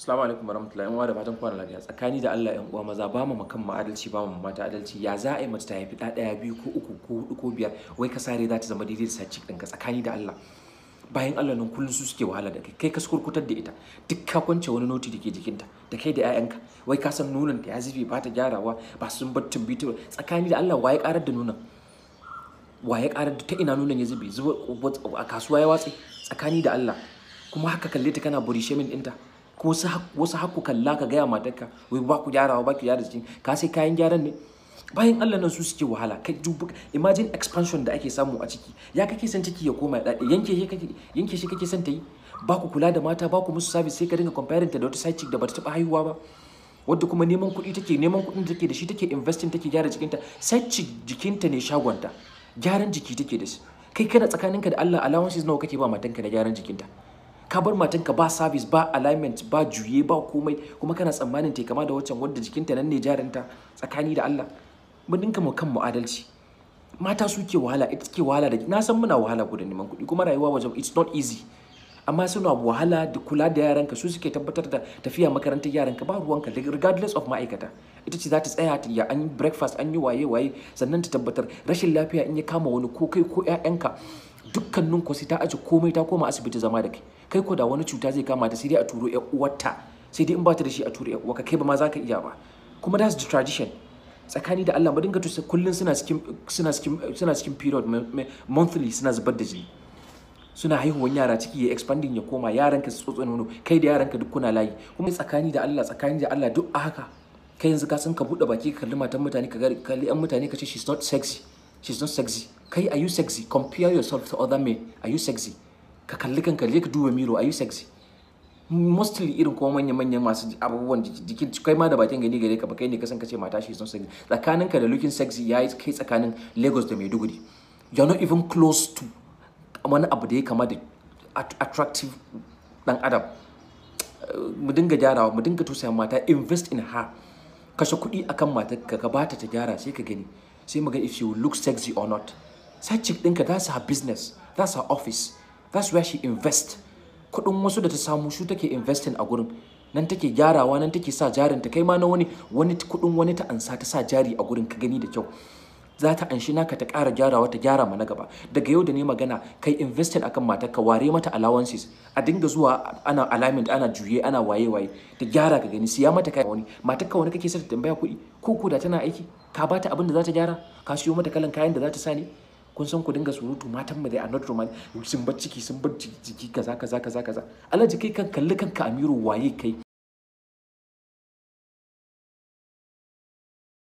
Assalamu alaikum warahmatullahi wa da fatan kwana lafiya tsakani da Allah ɗan uwa maza ba mu makan mu adalci ba mu mata adalci ya za a yi mace ta haifi ɗaya biyu ko uku ko hudu ko biyar wai ka sare za ta zama daidai da sace ɗinka tsakani da Allah bayan Allah nan kullum su suke wahala da kai kai ka kurkutar da ita duk ka kwance wani noti da ke jikinta da kai da 'ya'yanka wai ka san nonon ta ya zube ba ta gyarawa ba sun bar tumbita tsakani da Allah waye karar da nonon waye karar da ta ina nonon ya zube zuba a kasuwa ya watse tsakani da Allah kuma haka kalle ta kana burishe min ɗinta ko wasu haku kalla ka gaya matarka wai ba ku gyarawa ba ku gyara jikin ka sai kayan gyaran ne bayan Allah nan su suke wahala kai dubu imagine expansion da ake samu a ciki ya kake san ciki ya koma ya yanke shi kake yanke shi kake san ta yi ba ku kula da mata ba ku musu service sai ka dinga comparing ta da wata side chick da bata taba haihuwa ba wadda kuma neman kuɗi take neman kuɗin da take da shi take investing take gyara jikinta side chick jikinta ne shagonta gyaran jiki take da shi kai kana tsakaninka da Allah allowances nawa kake ba matanka da gyaran jikinta ka bar matanka ba service ba alignment ba juye ba komai kuma kana tsammanin ta kama da waccan wadda jikinta nan ne jarinta tsakani da Allah mu dinka mu kan adalci mata suke wahala ita ke wahala da na san muna wahala gudan neman kuɗi kuma rayuwa wajen it's not easy amma suna wahala da kula da yaranka su suke tabbatar da tafiya makarantar yaranka ba ruwanka regardless of ma'aikata ita ce za ta tsaya ta ya an breakfast an yi waye waye sannan ta tabbatar rashin lafiya in ya kama wani ko kai ko 'ya'yanka dukkanin ku sai ta aji komai ta koma asibiti zama da kai kai ko da wani cuta zai kama ta sai dai a turo ƴan uwarta sai dai in ba ta da shi a turo ƴan uwarka kai ba ma za ka iya ba kuma that's the tradition tsakani da Allah ba dinga tusa kullun suna cikin suna cikin suna cikin period monthly suna zubar da jini suna haihuwan yara ciki ya expanding ya koma yaranka su tsotso nono kai da yaranka duk kuna layi kuma tsakani da Allah tsakani da Allah duk a haka kai yanzu ka san ka bude baki ka kalli matan mutane ka kalli yan mutane ka ce she's not sexy she's not sexy kai are you sexy compare yourself to other men are you sexy ka kalli kanka je ka duba miro are you sexy mostly irin kuma manya manyan masu abubuwan jikin kai ma da bakin gani gare ka ba kai ne kasan kace mata she's not sexy tsakaninka da looking sexy yi kai tsakanin Lagos da Maiduguri you're not even close to wani abu da ya kama da attractive dan adam mu dinga gyarawa mu dinga tusaya mata invest in her kashe kuɗi akan matar ka ka bata ta gyara sai ka gani sai mu if she will look sexy or not side chick ɗinka that's her business that's her office that's where she invest kuɗin wasu da ta samu su take investing a gurin nan take gyarawa nan take sa jarinta kai ma na wani wani kuɗin wani ta ansa ta sa jari a gurin ka gani da kyau za ta anshi naka ta ƙara gyarawa ta gyara ma na gaba daga yau da ne magana kai invested akan matar ka ware mata allowances a dinga zuwa ana alignment ana juye ana waye waye ta gyara ka gani siya mata kai wani matar ka wani kake sa ta tambaya kuɗi ko ko tana aiki ka bata abin da za ta gyara ka siyo mata kalan kayan da za ta sa ne kun san ku dinga surutu matan mu dai a not romantic sun bar ciki sun bar jiki kaza kaza kaza kaza Allah kai kan kalli kanka Amiru waye kai